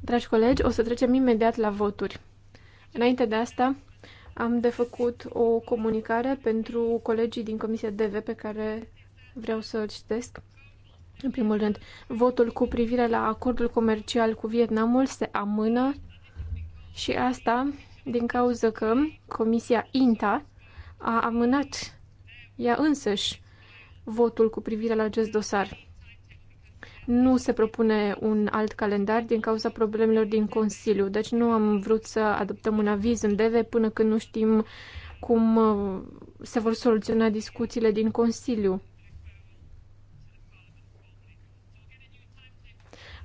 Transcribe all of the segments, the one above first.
Dragi colegi, o să trecem imediat la voturi. Înainte de asta, am de făcut o comunicare pentru colegii din Comisia DV pe care vreau să îl citesc. În primul rând, votul cu privire la acordul comercial cu Vietnamul se amână și asta din cauza că Comisia INTA a amânat ea însăși votul cu privire la acest dosar nu se propune un alt calendar din cauza problemelor din Consiliu. Deci nu am vrut să adoptăm un aviz în DV până când nu știm cum uh, se vor soluționa discuțiile din Consiliu.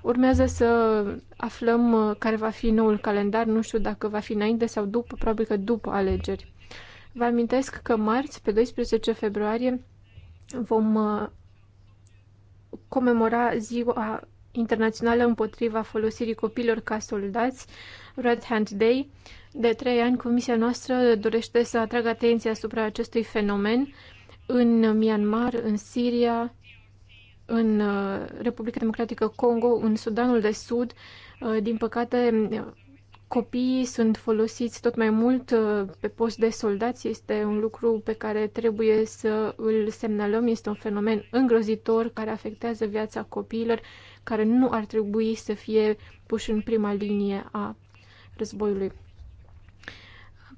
Urmează să aflăm uh, care va fi noul calendar, nu știu dacă va fi înainte sau după, probabil că după alegeri. Vă amintesc că marți, pe 12 februarie, vom uh, comemora Ziua Internațională împotriva folosirii copilor ca soldați, Red Hand Day. De trei ani, comisia noastră dorește să atragă atenția asupra acestui fenomen în Myanmar, în Siria, în uh, Republica Democratică Congo, în Sudanul de Sud. Uh, din păcate, copiii sunt folosiți tot mai mult uh, pe post de soldați. Este un lucru pe care trebuie să îl semnalăm. Este un fenomen îngrozitor care afectează viața copiilor, care nu ar trebui să fie puși în prima linie a războiului.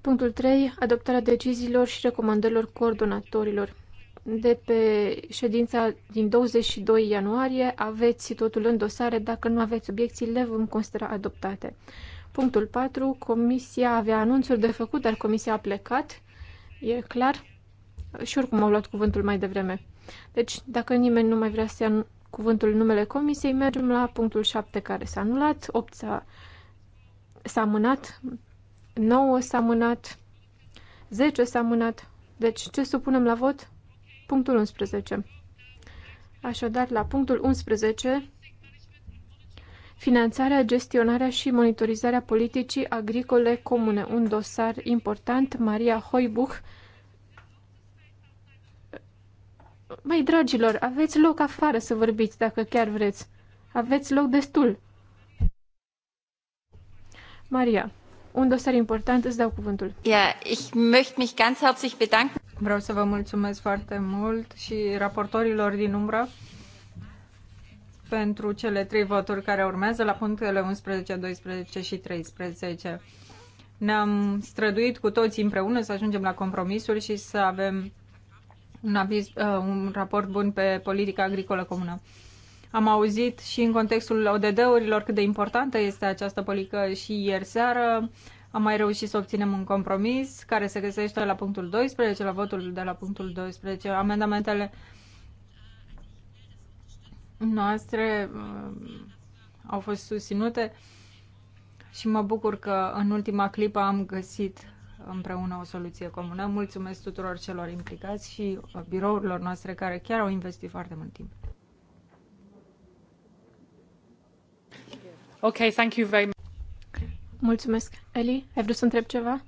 Punctul 3. Adoptarea deciziilor și recomandărilor coordonatorilor. De pe ședința din 22 ianuarie aveți totul în dosare. Dacă nu aveți obiecții, le vom considera adoptate. Punctul 4. Comisia avea anunțuri de făcut, dar comisia a plecat. E clar? Și oricum au luat cuvântul mai devreme. Deci, dacă nimeni nu mai vrea să ia cuvântul în numele comisiei, mergem la punctul 7 care s-a anulat, 8 s-a, s-a amânat, 9 s-a amânat, 10 s-a amânat. Deci, ce supunem la vot? Punctul 11. Așadar, la punctul 11 finanțarea, gestionarea și monitorizarea politicii agricole comune, un dosar important, Maria Hoibuch. Mai dragilor, aveți loc afară să vorbiți, dacă chiar vreți. Aveți loc destul. Maria, un dosar important, îți dau cuvântul. Ja, ich möchte mich ganz herzlich bedanken. Vreau să vă mulțumesc foarte mult și raportorilor din umbră pentru cele trei voturi care urmează la punctele 11, 12 și 13. Ne-am străduit cu toți împreună să ajungem la compromisuri și să avem un, aviz, uh, un raport bun pe politica agricolă comună. Am auzit și în contextul ODD-urilor cât de importantă este această politică și ieri seară am mai reușit să obținem un compromis care se găsește la punctul 12, la votul de la punctul 12. Amendamentele uh, noastre uh, au fost susținute și mă bucur că în ultima clipă am găsit împreună o soluție comună. Mulțumesc tuturor celor implicați și uh, birourilor noastre care chiar au investit foarte mult timp. Ok, thank you very much. Mulțumesc. Eli, ai vrut să întreb ceva?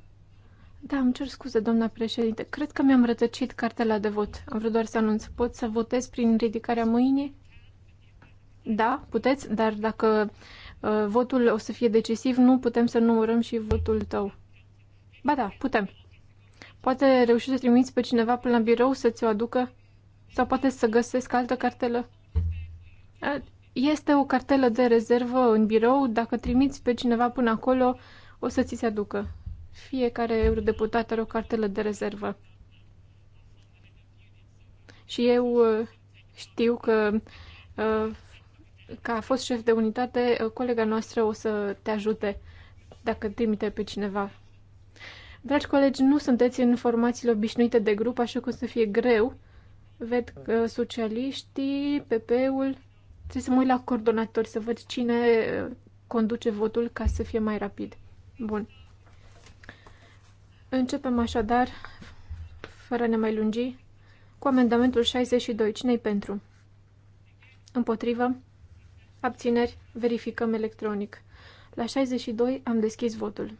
Da, îmi cer scuze, doamna președinte. Cred că mi-am rătăcit cartela de vot. Am vrut doar să anunț. Pot să votez prin ridicarea mâinii? Da, puteți, dar dacă uh, votul o să fie decisiv, nu putem să numărăm și votul tău. Ba da, putem. Poate reușiți să trimiți pe cineva până la birou să ți-o aducă? Sau poate să găsesc altă cartelă? Este o cartelă de rezervă în birou. Dacă trimiți pe cineva până acolo, o să ți se aducă. Fiecare eurodeputat are o cartelă de rezervă. Și eu uh, știu că uh, ca a fost șef de unitate, uh, colega noastră o să te ajute dacă trimite pe cineva. Dragi colegi, nu sunteți în formațiile obișnuite de grup, așa că o să fie greu. Ved că socialiștii, PP-ul, trebuie să mă uit la coordonatori, să văd cine uh, conduce votul ca să fie mai rapid. Bun. Începem așadar, fără a ne mai lungi, cu amendamentul 62. Cine-i pentru? Împotrivă? abțineri, verificăm electronic. La 62 am deschis votul.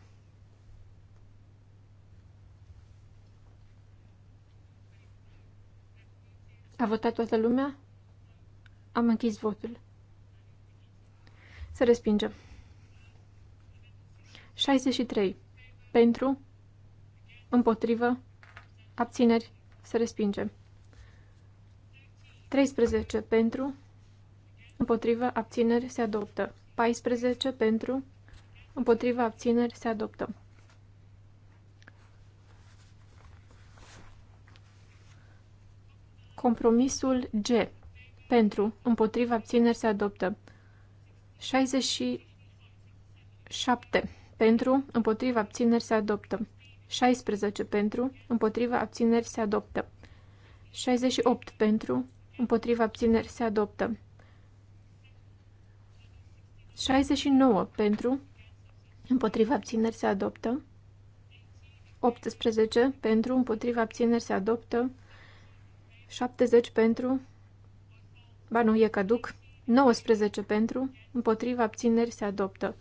A votat toată lumea? Am închis votul. Să respingem. 63. Pentru, împotrivă, abțineri, să respingem. 13. Pentru, împotriva abțineri se adoptă. 14 pentru. împotriva abțineri se adoptă. Compromisul G. Pentru. împotriva abțineri se adoptă. 67 pentru. împotriva abțineri se adoptă. 16 pentru. împotriva abțineri se adoptă. 68 pentru. împotriva abțineri se adoptă. 69 pentru, împotriva abțineri se adoptă. 18 pentru, împotriva abțineri se adoptă. 70 pentru, ba nu e caduc, 19 pentru, împotriva abțineri se adoptă.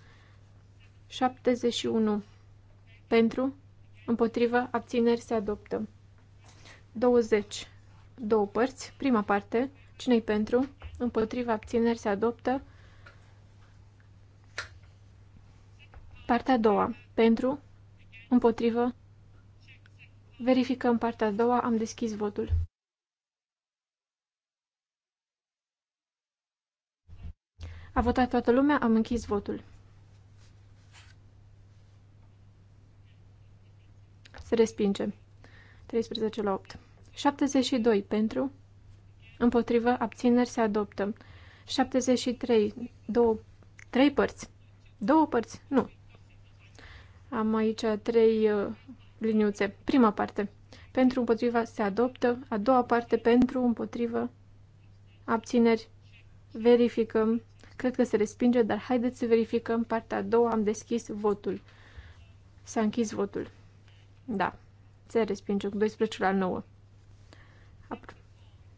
71 pentru, împotriva abțineri se adoptă. 20, două părți, prima parte, cine pentru, împotriva abțineri se adoptă. Partea a doua. Pentru, împotrivă, verificăm partea a doua, am deschis votul. A votat toată lumea, am închis votul. Se respinge. 13 la 8. 72 pentru, împotrivă, abțineri se adoptă. 73, 2. trei părți. Două părți, nu, am aici trei uh, liniuțe. Prima parte. Pentru împotriva se adoptă. A doua parte. Pentru împotriva abțineri. Verificăm. Cred că se respinge, dar haideți să verificăm partea a doua. Am deschis votul. S-a închis votul. Da. Se respinge cu 12 la 9.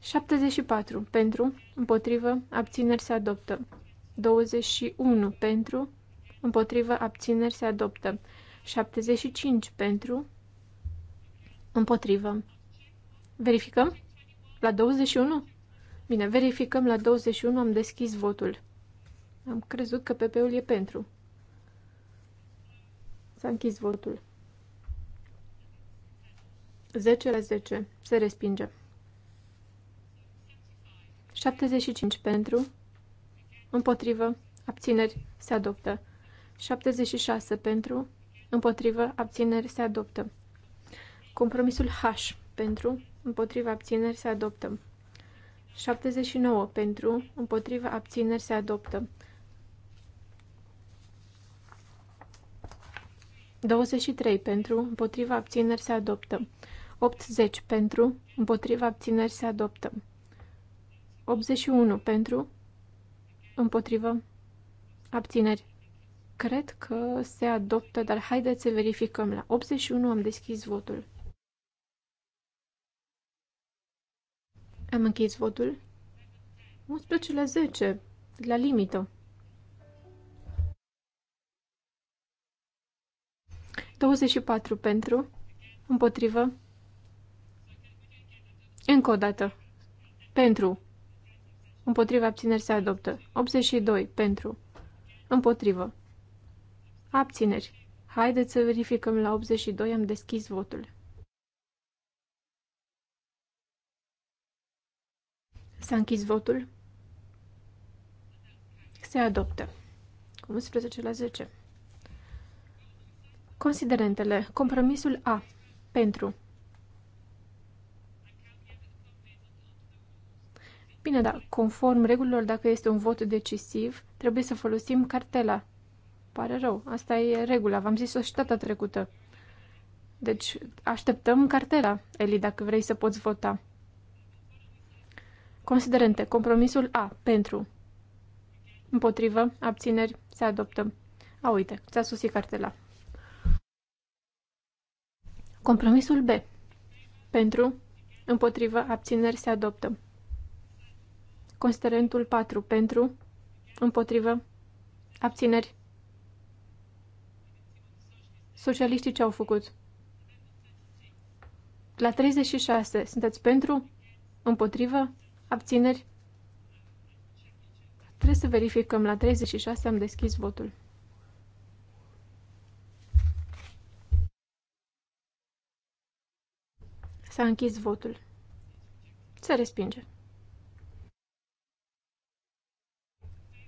74. Pentru, împotrivă, abțineri se adoptă. 21. Pentru, împotrivă, abțineri se adoptă. 75 pentru, împotrivă. Verificăm? La 21? Bine, verificăm la 21, am deschis votul. Am crezut că PP-ul e pentru. S-a închis votul. 10 la 10. Se respinge. 75 pentru. Împotrivă. Abțineri. Se adoptă. 76 pentru împotrivă, abțineri se adoptă. Compromisul H pentru, împotrivă, abțineri se adoptă. 79 pentru, împotrivă, abțineri se adoptă. 23 pentru, împotriva abțineri se adoptă. 80 pentru, împotriva abțineri se adoptă. 81 pentru, împotriva abțineri Cred că se adoptă, dar haideți să verificăm. La 81 am deschis votul. Am închis votul. 11 la 10, la limită. patru pentru, împotrivă, încă o dată, pentru, împotrivă, abțineri se adoptă, 82 pentru, împotrivă. Abțineri. Haideți să verificăm la 82, am deschis votul. S-a închis votul. Se adoptă. 11 la 10. Considerentele. Compromisul A. Pentru. Bine, dar conform regulilor, dacă este un vot decisiv, trebuie să folosim cartela pare rău. Asta e regula, v-am zis-o și data trecută. Deci așteptăm cartela, Eli, dacă vrei să poți vota. Considerente. Compromisul A. Pentru. Împotrivă. Abțineri. Se adoptă. A, uite, ți-a susit cartela. Compromisul B. Pentru. Împotrivă. Abțineri. Se adoptă. Considerentul 4. Pentru. Împotrivă. Abțineri. Socialiștii ce au făcut? La 36, sunteți pentru? Împotrivă? Abțineri? Trebuie să verificăm. La 36 am deschis votul. S-a închis votul. Se respinge.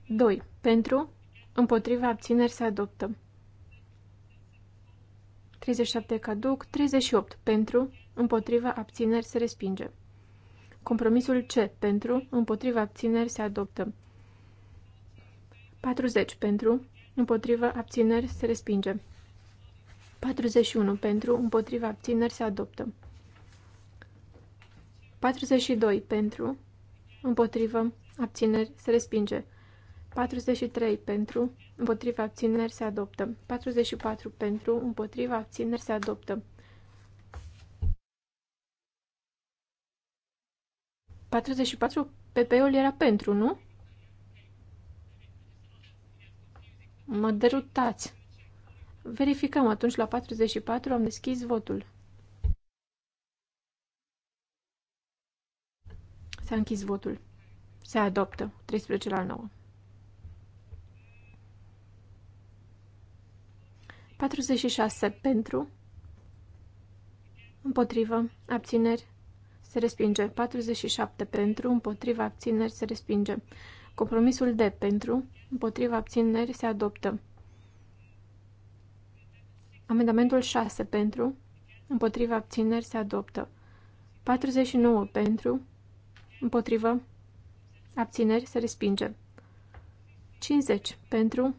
2. Pentru, împotriva abțineri se adoptă. 37 caduc, 38 pentru, împotriva abțineri se respinge. Compromisul C pentru, împotriva abțineri se adoptă. 40 pentru, împotriva abțineri se respinge. 41 pentru, împotriva abțineri se adoptă. 42 pentru, împotriva abțineri, se respinge. 43 pentru, împotriva abțineri se adoptă. 44 pentru, împotriva abțineri se adoptă. 44 PP-ul era pentru, nu? Mă derutați. Verificăm atunci la 44, am deschis votul. S-a închis votul. Se adoptă. 13 la 9. 46 pentru, împotrivă, abțineri, se respinge. 47 pentru, împotriva abțineri, se respinge. Compromisul de pentru, împotriva abțineri, se adoptă. Amendamentul 6 pentru, împotriva abțineri, se adoptă. 49 pentru, împotrivă, abțineri, se respinge. 50 pentru,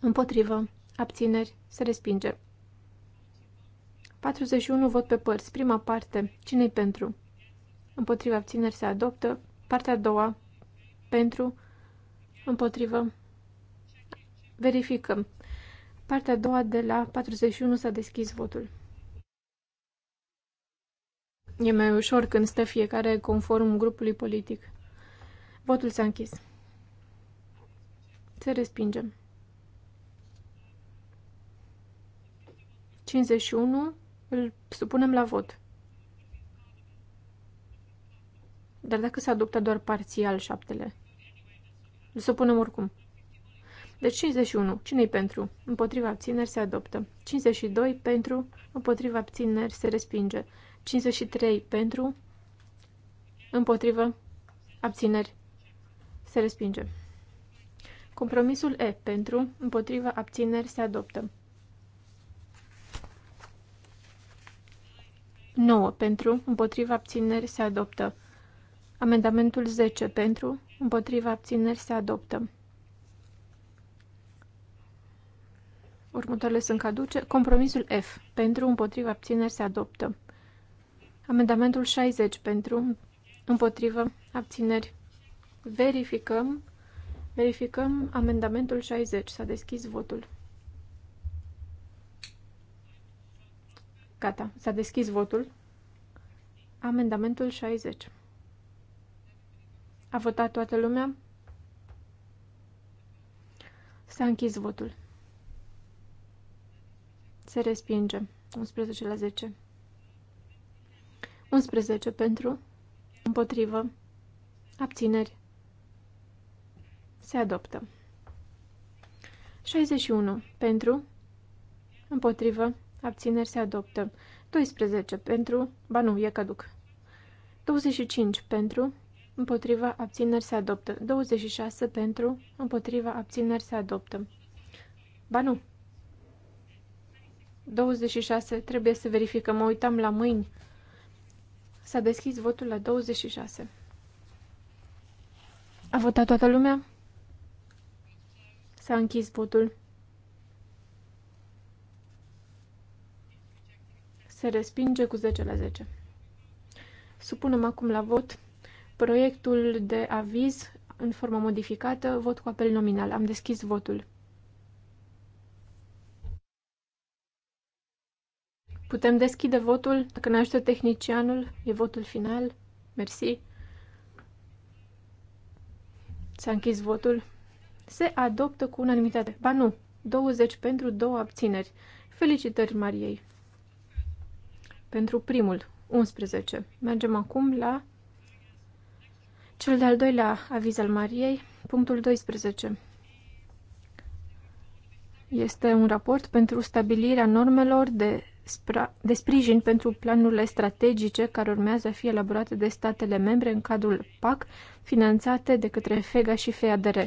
Împotrivă. Abțineri. Se respinge. 41 vot pe părți. Prima parte. cine pentru? Împotrivă. Abțineri. Se adoptă. Partea a doua. Pentru. Împotrivă. Verificăm. Partea a doua de la 41 s-a deschis votul. E mai ușor când stă fiecare conform grupului politic. Votul s-a închis. Se respingem. 51 îl supunem la vot. Dar dacă se adoptă doar parțial șaptele, îl supunem oricum. Deci 51. Cine-i pentru? Împotriva abțineri se adoptă. 52 pentru, împotriva abțineri se respinge. 53 pentru, împotriva abțineri se respinge. Compromisul E pentru, împotriva abțineri se adoptă. 9 pentru, împotriva abțineri se adoptă. Amendamentul 10 pentru, împotriva abțineri se adoptă. Următoarele sunt caduce. Compromisul F. Pentru, împotriva abțineri se adoptă. Amendamentul 60 pentru, împotriva abțineri. Verificăm. Verificăm amendamentul 60. S-a deschis votul. Gata, s-a deschis votul. Amendamentul 60. A votat toată lumea? S-a închis votul. Se respinge. 11 la 10. 11 pentru, împotrivă, abțineri. Se adoptă. 61 pentru, împotrivă, abțineri se adoptă. 12 pentru, ba nu, e caduc. 25 pentru, împotriva abțineri se adoptă. 26 pentru, împotriva abțineri se adoptă. Ba nu. 26, trebuie să verificăm, mă uitam la mâini. S-a deschis votul la 26. A votat toată lumea? S-a închis votul. Se respinge cu 10 la 10. Supunem acum la vot proiectul de aviz în formă modificată, vot cu apel nominal. Am deschis votul. Putem deschide votul? Dacă ne ajută tehnicianul, e votul final. Mersi. S-a închis votul. Se adoptă cu unanimitate. Ba nu, 20 pentru, două abțineri. Felicitări Mariei! pentru primul, 11. Mergem acum la cel de-al doilea aviz al Mariei, punctul 12. Este un raport pentru stabilirea normelor de, de sprijin pentru planurile strategice care urmează a fi elaborate de statele membre în cadrul PAC, finanțate de către FEGA și FEADR.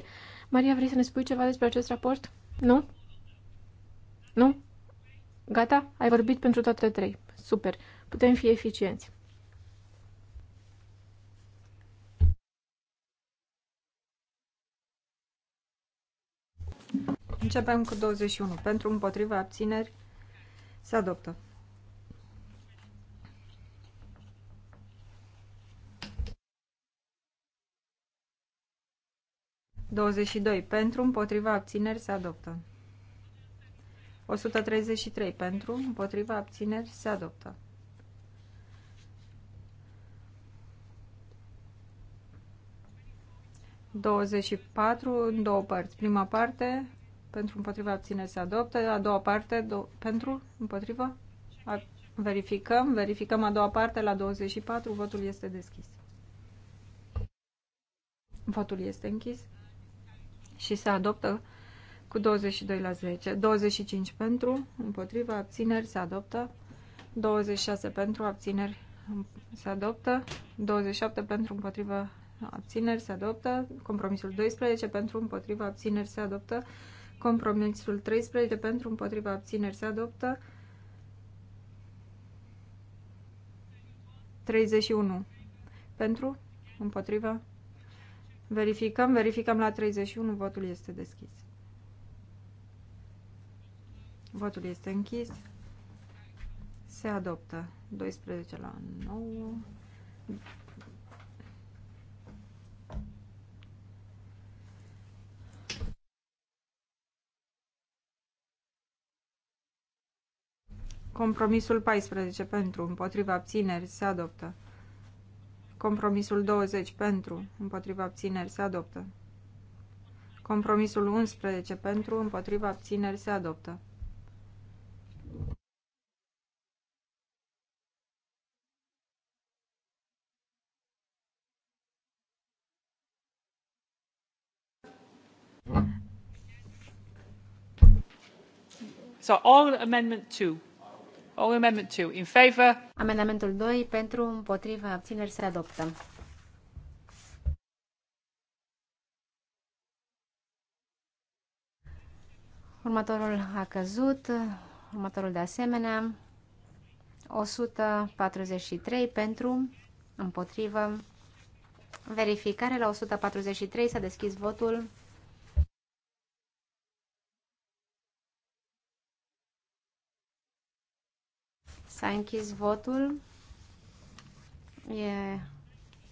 Maria, vrei să ne spui ceva despre acest raport? Nu? Nu? Gata? Ai vorbit pentru toate trei. Super. Putem fi eficienți. Începem cu 21. Pentru împotriva abțineri se adoptă. Douăzeci și doi. Pentru împotriva abțineri se adoptă. 133 pentru, împotriva abțineri se adoptă. Douăzeci patru în două părți. Prima parte pentru împotriva abține se adoptă, a doua parte do pentru împotriva verificăm, verificăm a doua parte la 24, votul este deschis. Votul este închis și se adoptă cu 22 la 10, 25 pentru, împotriva, abțineri, se adoptă, 26 pentru, abțineri, se adoptă, 27 pentru, împotriva, abțineri, se adoptă, compromisul 12 pentru, împotriva, abțineri, se adoptă, compromisul 13 pentru, împotriva, abțineri, se adoptă, 31 pentru, împotriva, verificăm, verificăm la 31, votul este deschis. Votul este închis. Se adoptă. 12 la 9. Compromisul 14 pentru, împotriva abțineri, se adoptă. Compromisul 20 pentru, împotriva abțineri, se adoptă. Compromisul 11 pentru, împotriva abțineri, se adoptă. Amendamentul 2 pentru împotriva abțineri se adoptă. Următorul a căzut, următorul de asemenea, 143 pentru, împotrivă, verificare la 143, s-a deschis votul. S-a închis votul. E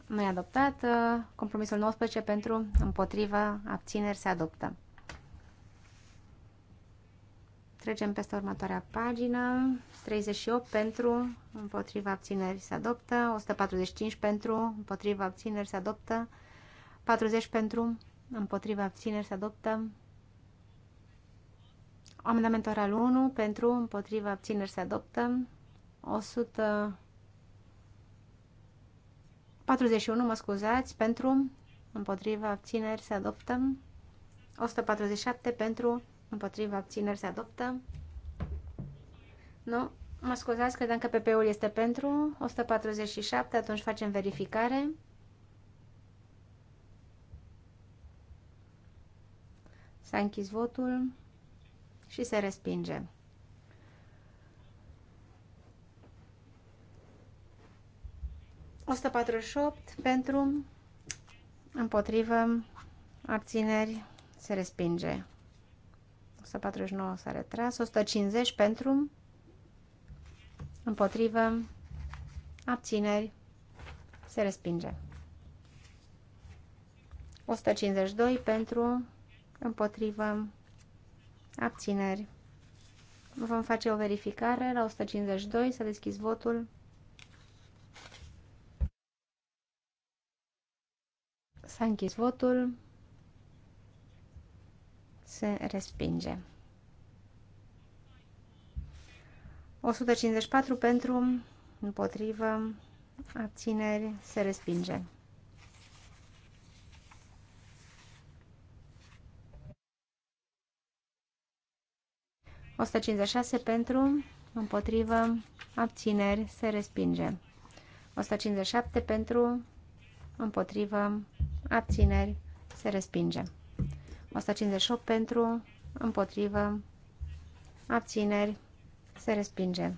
mai adoptat. Compromisul 19 pentru, împotriva, abțineri se adoptă. Trecem peste următoarea pagină. 38 pentru, împotriva, abțineri se adoptă. 145 pentru, împotriva, abțineri se adoptă. 40 pentru, împotriva, abțineri se adoptă. Amendamentul oral 1 pentru, împotriva, abțineri se adoptă. 141, mă scuzați, pentru, împotriva abțineri se adoptă. 147 pentru, împotriva abțineri se adoptă. Nu, mă scuzați, credeam că PP-ul este pentru. 147, atunci facem verificare. S-a închis votul și se respinge. 148 pentru, împotrivă, abțineri, se respinge. 149 s-a retras, 150 pentru, împotrivă, abțineri, se respinge. 152 pentru, împotrivă, abțineri. Vom face o verificare la 152, să deschis votul. S-a închis votul. Se respinge. 154 pentru, împotrivă, abțineri, se respinge. O 156 pentru, împotrivă, abțineri, se respinge. 157 pentru, împotrivă, abțineri, se respinge. 158 pentru, împotrivă, abțineri, se respinge.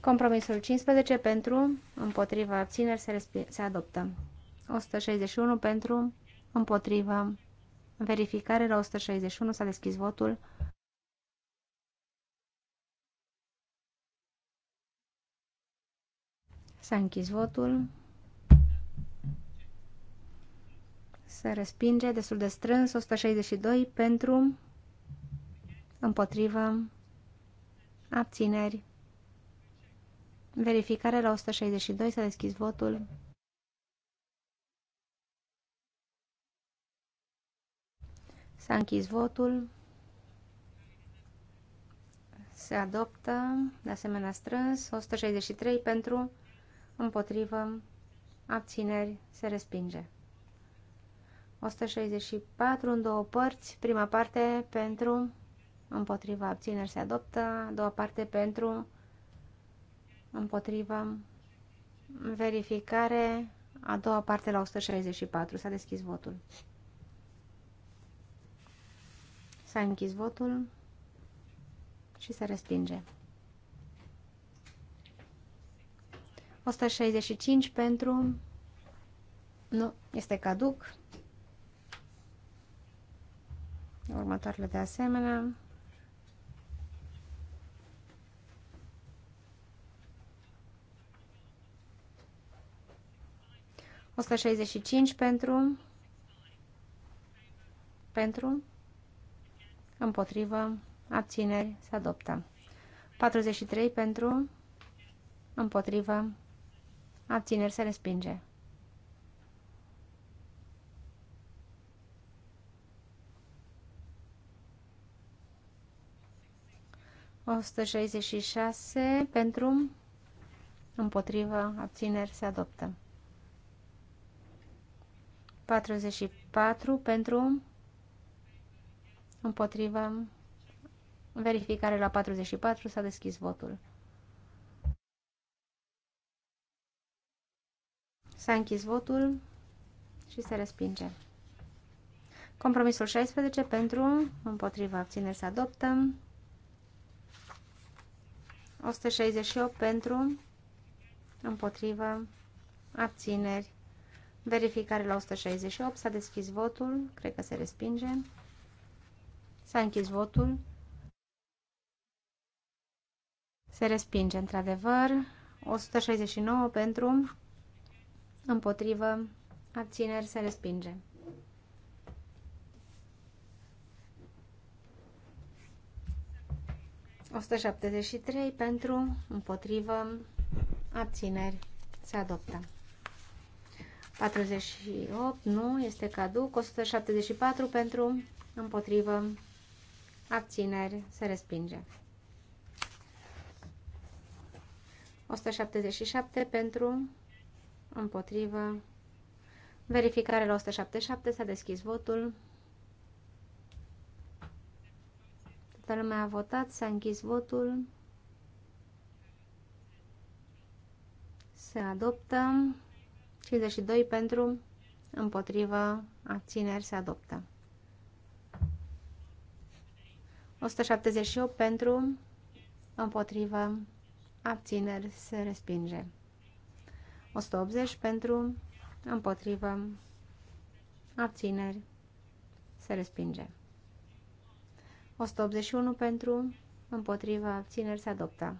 Compromisul 15 pentru, împotrivă, abțineri, se, se adoptă. 161 pentru, împotrivă, verificare la 161, s-a deschis votul. S-a închis votul. se respinge destul de strâns, 162 pentru, împotrivă, abțineri. Verificare la 162, s-a deschis votul. S-a închis votul. Se adoptă, de asemenea strâns, 163 pentru, împotrivă, abțineri, se respinge. 164 în două părți. Prima parte pentru, împotriva abțineri se adoptă, a doua parte pentru, împotriva verificare, a doua parte la 164. S-a deschis votul. S-a închis votul și se respinge. 165 pentru... Nu, este caduc următoarele de asemenea. Osta 65 pentru pentru împotrivă abțineri se adoptă. 43 pentru împotrivă abțineri se respinge. 166 pentru, împotrivă, abțineri se adoptă. 44 pentru, împotrivă, verificare la 44 s-a deschis votul. S-a închis votul și se respinge. Compromisul 16 pentru, împotriva abțineri se adoptă. 168 pentru, împotrivă, abțineri. Verificare la 168. S-a deschis votul. Cred că se respinge. S-a închis votul. Se respinge, într-adevăr. 169 pentru, împotrivă, abțineri, se respinge. 173 pentru, împotrivă, abțineri, se adoptă. 48, nu, este caduc. 174 pentru, împotrivă, abțineri, se respinge. 177 pentru, împotrivă, verificare la 177, s-a deschis votul. Toată lumea a votat, s-a închis votul. Se adoptă. 52 pentru, împotrivă, abțineri, se adoptă. 178 pentru, împotrivă, abțineri, se respinge. 180 pentru, împotrivă, abțineri, se respinge. 181 pentru, împotriva abțineri se adoptă.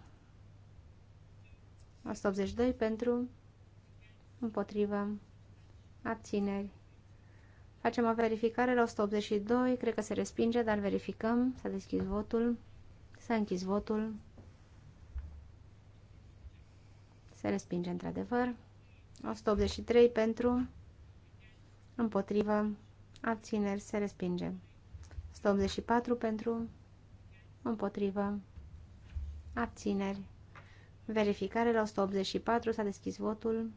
182 pentru, împotriva abțineri. Facem o verificare la 182, cred că se respinge, dar verificăm. S-a deschis votul, s-a închis votul. Se respinge într-adevăr. 183 pentru, împotriva, abțineri, se respinge. 184 pentru, împotrivă, abțineri. Verificare la 184, s-a deschis votul.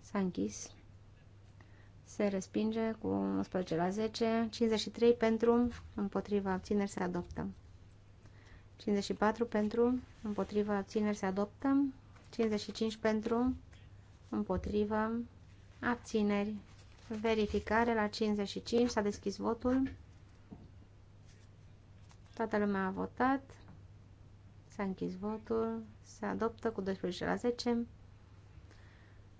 S-a închis. Se respinge cu 11 la 10. 53 pentru, împotriva abțineri se adoptă. 54 pentru, împotriva abțineri se adoptă. 55 pentru, împotriva abțineri Verificare la 55. S-a deschis votul. Toată lumea a votat. S-a închis votul. Se adoptă cu 12 la 10.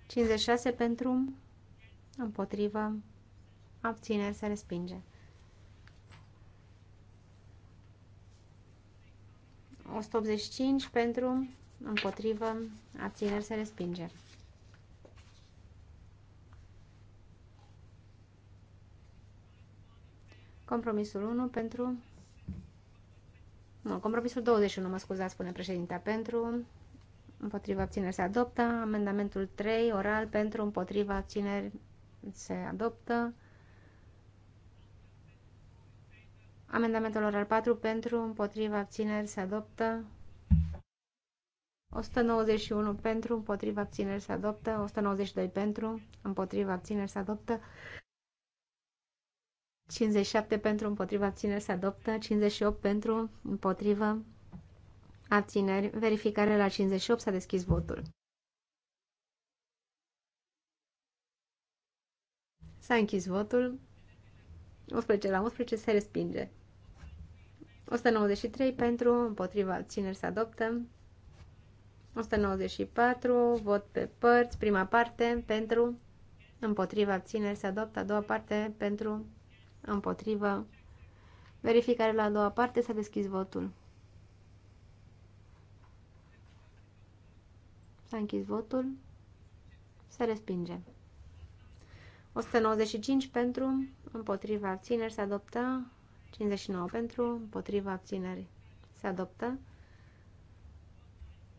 56 pentru. Împotrivă. Abțineri se respinge. 185 pentru, împotrivă, abțineri se respinge. Compromisul 1 pentru... Nu, compromisul 21, mă scuzați, spune președintea, pentru... Împotriva abțineri se adoptă. Amendamentul 3, oral, pentru împotriva abțineri se adoptă. Amendamentul oral 4 pentru, împotriva abțineri se adoptă. 191 pentru, împotriva abțineri se adoptă. 192 pentru, împotriva abțineri se adoptă. 57 pentru împotriva abțineri se adoptă, 58 pentru împotriva abțineri. Verificare la 58 s-a deschis votul. S-a închis votul. 11 la 11 se respinge. 193 pentru, împotriva abțineri se adoptă. 194, vot pe părți, prima parte pentru, împotriva abțineri se adoptă, a doua parte pentru, împotrivă. Verificare la a doua parte, s-a deschis votul. S-a închis votul. Se respinge. 195 pentru, împotriva abțineri se adoptă, 59 pentru, împotriva abțineri se adoptă,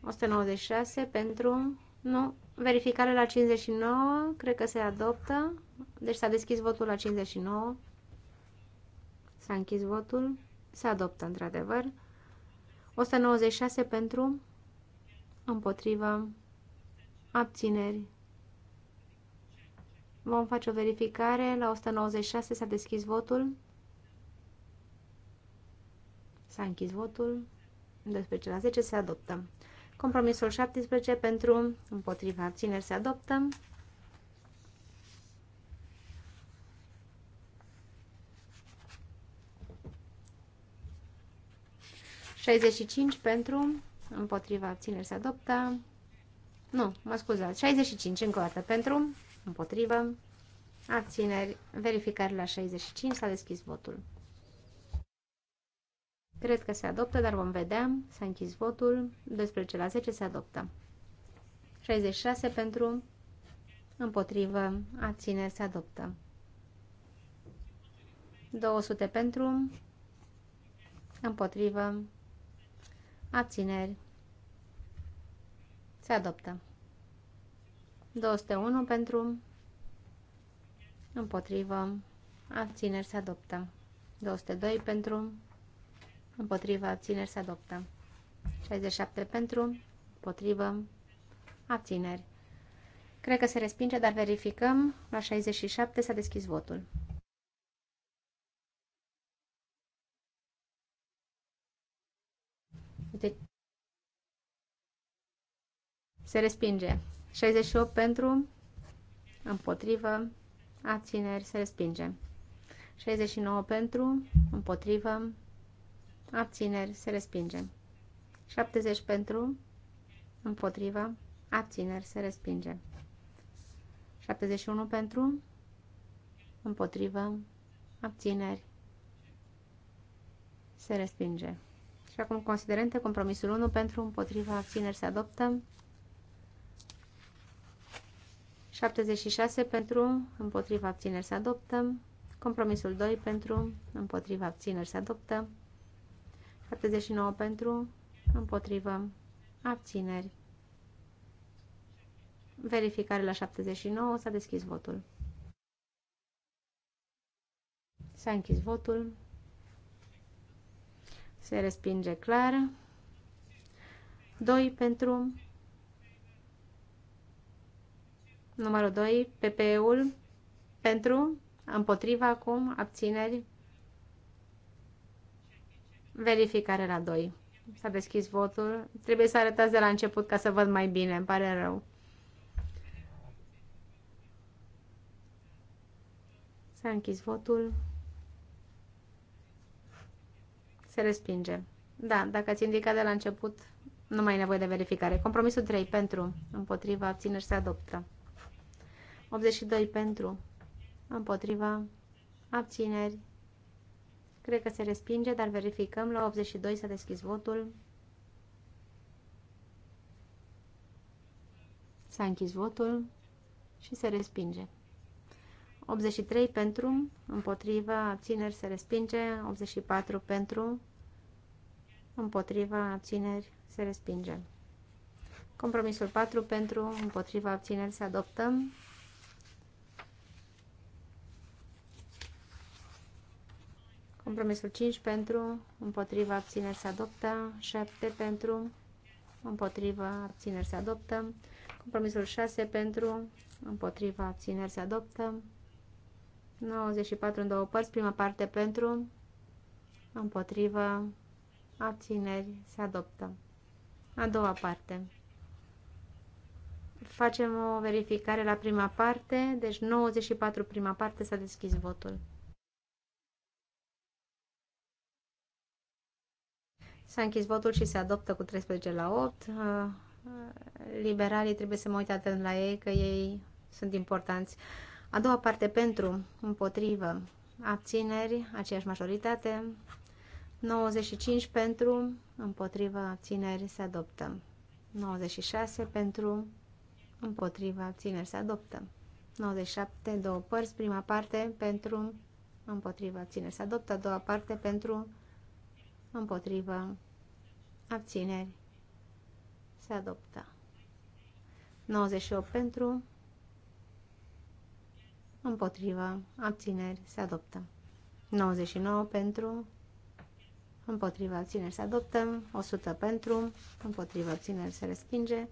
196 pentru, nu, verificare la 59, cred că se adoptă, deci s-a deschis votul la 59, S-a închis votul. Se adoptă, într-adevăr. 196 pentru, împotrivă, abțineri. Vom face o verificare. La 196 s-a deschis votul. S-a închis votul. 12 la 10 se adoptă. Compromisul 17 pentru, împotriva abțineri se adoptă. 65 pentru, împotriva abțineri se adoptă. Nu, mă scuzați, 65 încă o dată pentru, împotriva abțineri, verificare la 65, s-a deschis votul. Cred că se adoptă, dar vom vedea. S-a închis votul. 12 la 10 se adoptă. 66 pentru, împotrivă, abțineri se adoptă. 200 pentru, împotrivă, abțineri, se adoptă. 201 pentru, împotrivă, abțineri, se adoptă. 202 pentru, împotrivă, abțineri, se adoptă. 67 pentru, împotrivă, abțineri. Cred că se respinge, dar verificăm. La 67 s-a deschis votul. de... Deci, se respinge. 68 pentru, împotrivă, abțineri, se respinge. 69 pentru, împotrivă, abțineri, se respinge. 70 pentru, împotrivă, abțineri, se respinge. 71 pentru, împotrivă, abțineri, se respinge. Și acum considerente, compromisul 1 pentru, împotriva, abțineri se adoptă. 76 pentru, împotriva, abțineri se adoptă. Compromisul 2 pentru, împotriva, abțineri se adoptă. 79 pentru, împotriva abțineri. Verificare la 79, s-a deschis votul. S-a închis votul. Se respinge clar. 2 pentru numărul 2, pp ul pentru, împotriva acum, abțineri, verificare la 2. S-a deschis votul. Trebuie să arătați de la început ca să văd mai bine, îmi pare rău. S-a închis votul. Se respinge. Da, dacă ați indicat de la început, nu mai e nevoie de verificare. Compromisul 3 pentru, împotriva, abțineri se adoptă. 82 pentru, împotriva, abțineri. Cred că se respinge, dar verificăm. La 82 s-a deschis votul. S-a închis votul și se respinge. 83 pentru, împotriva, abțineri se respinge. 84 pentru, împotriva, abțineri, se respinge. Compromisul 4 pentru, împotriva, abțineri, se adoptăm. Compromisul 5 pentru, împotriva, abțineri, se adoptă. 7 pentru, împotriva, abțineri, se adoptă. Compromisul 6 pentru, împotriva, abțineri, se adoptă. 94 în două părți, prima parte pentru, împotriva, abțineri, se adoptă. A doua parte. Facem o verificare la prima parte, deci 94 prima parte s-a deschis votul. S-a închis votul și se adoptă cu 13 la 8. Uh, liberalii trebuie să mă uit atent la ei, că ei sunt importanți. A doua parte pentru, împotrivă, abțineri, aceeași majoritate, 95 pentru, împotriva abțineri se adoptă. 96 pentru, împotriva abțineri se adoptă. 97, două părți, prima parte pentru, împotriva abțineri se adoptă, a doua parte pentru, împotriva abțineri se adoptă. 98 pentru, împotriva abțineri se adoptă. 99 pentru, împotriva abțineri se adoptă, 100 pentru, împotriva abțineri se respinge,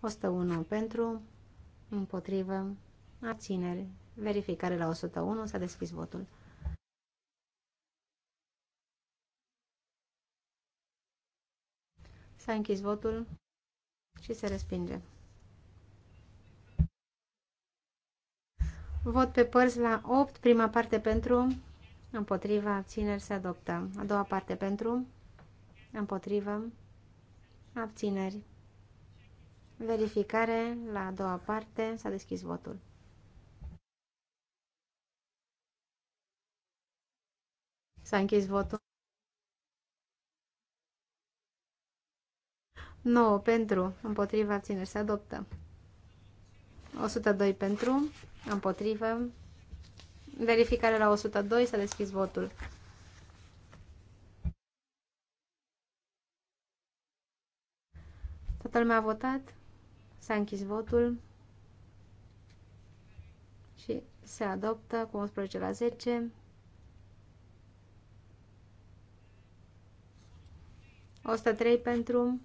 101 pentru, împotriva abțineri. Verificare la 101, s-a deschis votul. S-a închis votul și se respinge. Vot pe părți la 8, prima parte pentru, Împotriva abțineri se adoptă. A doua parte pentru. Împotrivă. Abțineri. Verificare la a doua parte. S-a deschis votul. S-a închis votul. 9 pentru, împotriva, abțineri, se adoptă. 102 pentru, împotrivă, Verificare la 102, s-a deschis votul. Toată lumea a votat, s-a închis votul și se adoptă cu 11 la 10. trei pentru,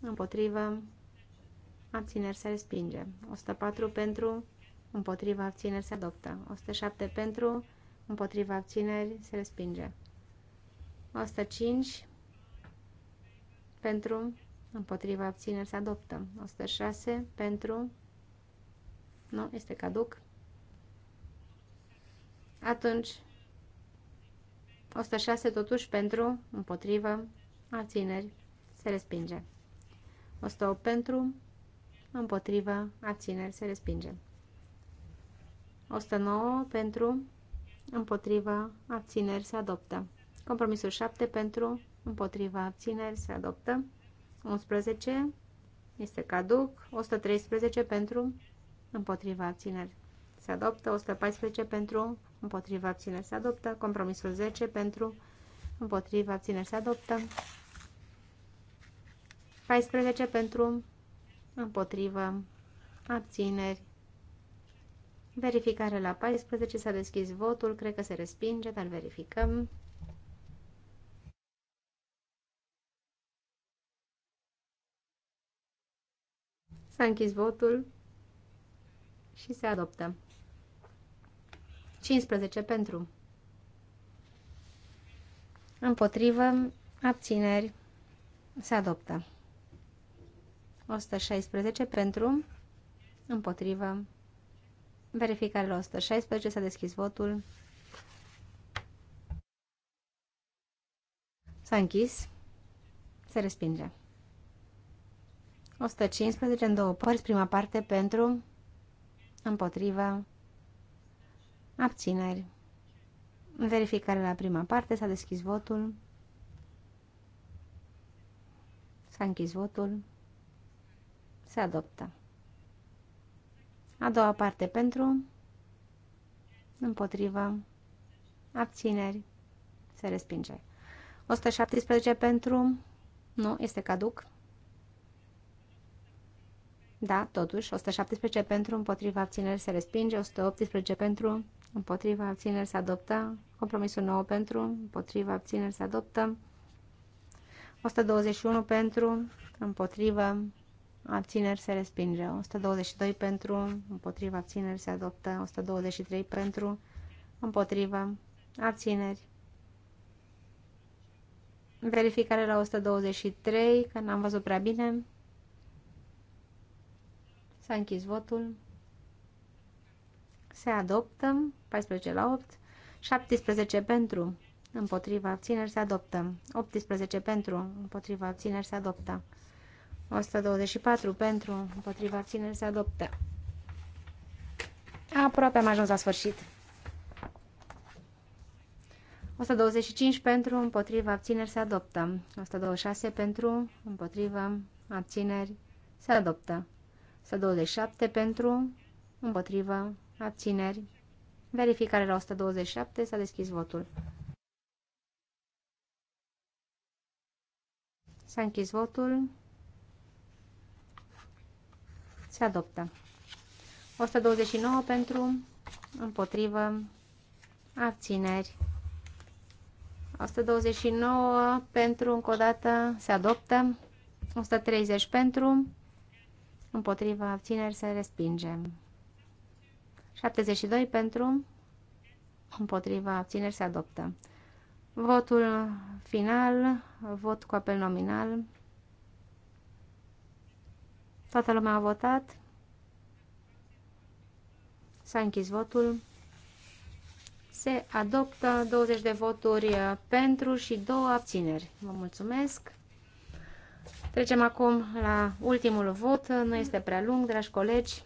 împotrivă, abțineri se respinge. 104 pentru, împotriva abțineri se adoptă. 107 pentru, împotriva abțineri se respinge. 105 pentru, împotriva abțineri se adoptă. 106 pentru, nu, este caduc. Atunci, 106 totuși pentru, împotriva abțineri, se respinge. 108 pentru, împotriva abțineri, se respinge. 109 pentru, împotriva, abțineri se adoptă. Compromisul 7 pentru, împotriva, abțineri se adoptă. 11 este caduc. 113 pentru, împotriva, abțineri se adoptă. 114 pentru, împotriva, abțineri se adoptă. Compromisul 10 pentru, împotriva, abțineri se adoptă. 14 pentru, împotriva abțineri Verificare la 14, s-a deschis votul, cred că se respinge, dar verificăm. S-a închis votul și se adoptă. 15 pentru. Împotrivă, abțineri, se adoptă. 116 pentru, împotrivă, Verificare la 116, s-a deschis votul. S-a închis. Se respinge. 115 în două părți, prima parte pentru, împotriva, abțineri. Verificare la prima parte, s-a deschis votul. S-a închis votul. Se adoptă. A doua parte pentru, împotrivă, abțineri, se respinge. 117 pentru, nu, este caduc. Da, totuși, 117 pentru, împotriva abțineri se respinge, 118 pentru, împotriva abțineri se adoptă, compromisul 9 pentru, împotriva abțineri se adoptă, 121 pentru, împotriva abțineri se respinge, 122 pentru, împotriva abțineri se adoptă, 123 pentru, împotriva abțineri. Verificare la 123, că n-am văzut prea bine. S-a închis votul. Se adoptă, 14 la 8, 17 pentru, împotriva abțineri se adoptă, 18 pentru, împotriva abțineri se adoptă. 124 pentru, împotriva ține, se adoptă. Aproape am ajuns la sfârșit. 125 pentru, împotriva abțineri se adoptă. 126 pentru, împotriva abțineri se adoptă. 127 pentru, împotriva abțineri. Verificare la 127, s-a deschis votul. S-a închis votul. Se adoptă. 129 pentru, împotrivă, abțineri. 129 pentru, încă o dată, se adoptă. 130 pentru, împotrivă, abțineri, se respinge. 72 pentru, împotriva, abțineri se adoptă. Votul final, vot cu apel nominal, Toată lumea a votat. S-a închis votul. Se adoptă 20 de voturi uh, pentru și două abțineri. Vă mulțumesc. Trecem acum la ultimul vot. Nu este prea lung, dragi colegi.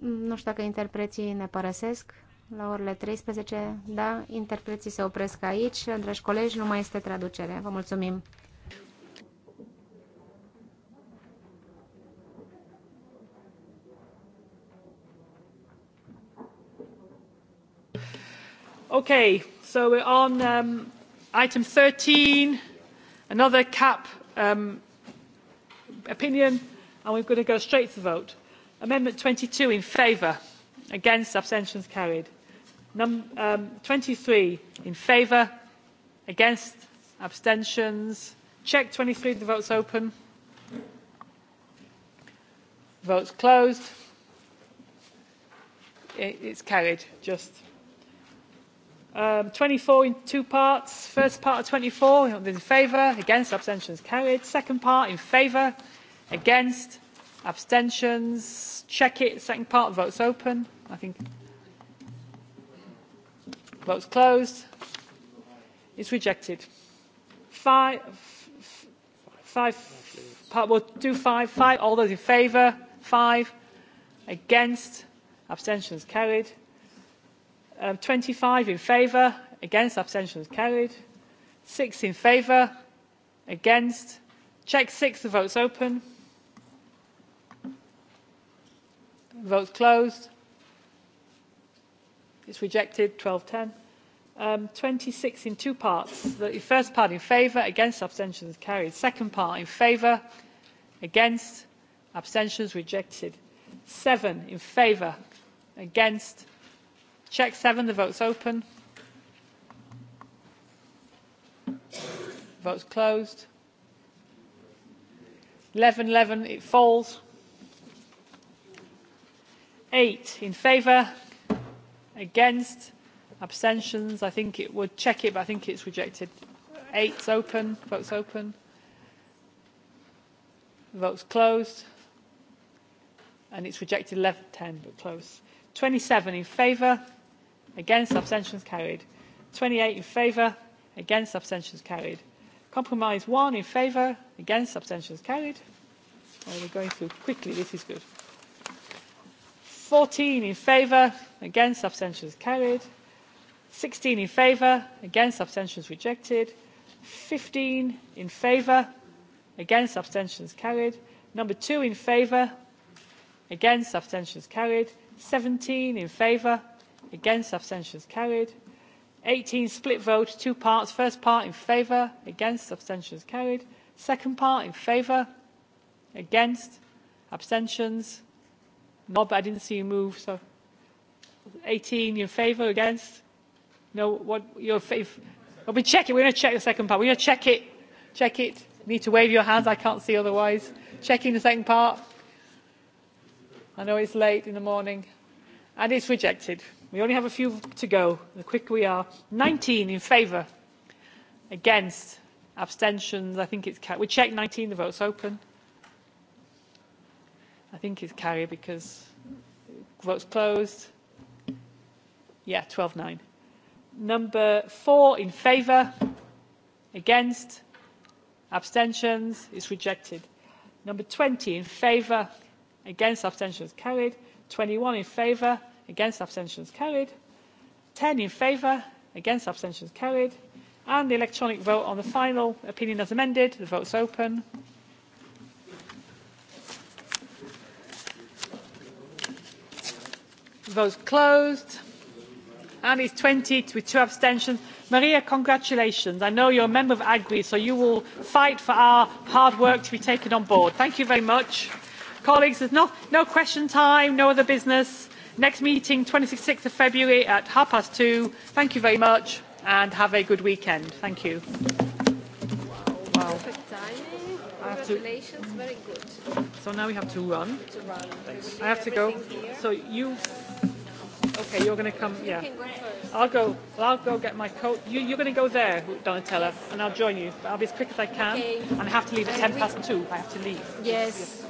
Nu știu dacă interpreții ne părăsesc la orele 13. Da, interpreții se opresc aici. Dragi colegi, nu mai este traducere. Vă mulțumim. Okay, so we're on um, item 13, another CAP um, opinion, and we're going to go straight to the vote. Amendment 22 in favour, against, abstentions carried. Num um, 23 in favour, against, abstentions. Check 23, the vote's open. Vote's closed. It, it's carried, just 24 um, in two parts. First part of 24, in favour, against, abstentions carried. Second part, in favour, against, abstentions. Check it. Second part, votes open. I think. Votes closed. It's rejected. Five, five, part, we'll do five, five. All those in favour, five, against, abstentions carried. Um, 25 in favour, against, abstentions carried. 6 in favour, against. Check 6, the vote's open. Vote's closed. It's rejected, 1210. Um, 26 in two parts. The first part in favour, against, abstentions carried. Second part in favour, against, abstentions rejected. 7 in favour, against, Check seven. The vote's open. Vote's closed. 11, 11, it falls. Eight in favour, against, abstentions. I think it would check it, but I think it's rejected. Eight's open. Vote's open. Vote's closed. And it's rejected 11, 10, but close. 27 in favour against abstentions carried 28 in favour against abstentions carried compromise 1 in favour against abstentions carried oh, we're going through quickly this is good 14 in favour against abstentions carried 16 in favour against abstentions rejected 15 in favour against abstentions carried number 2 in favour against abstentions carried 17 in favour against abstentions carried 18 split vote two parts first part in favour against abstentions carried second part in favour against abstentions no but i didn't see you move so 18 in favour against no what your faith i'll be checking we're going to check the second part we're going to check it check it you need to wave your hands i can't see otherwise checking the second part i know it's late in the morning and it's rejected We only have a few to go. The quicker we are. 19 in favour. Against. Abstentions. I think it's We check 19. The vote's open. I think it's carried because vote's closed. Yeah, 12-9. Number four in favour. Against. Abstentions. It's rejected. Number 20 in favour. Against. Abstentions carried. 21 in favour against abstentions carried 10 in favour against abstentions carried and the electronic vote on the final opinion as amended the vote's open the vote's closed and it's 20 with two abstentions maria congratulations i know you're a member of agri so you will fight for our hard work to be taken on board thank you very much colleagues there's no, no question time no other business Next meeting, 26th of February at half past two. Thank you very much and have a good weekend. Thank you. Wow. Perfect timing. Congratulations, to... very good. So now we have to run. To run. Thanks. I have to go. So you. Okay, you're gonna come. yeah. I'll go. Well, I'll go get my coat. You, you're gonna go there, Donatella, and I'll join you. But I'll be as quick as I can. Okay. And I have to leave at ten past two. I have to leave. yes.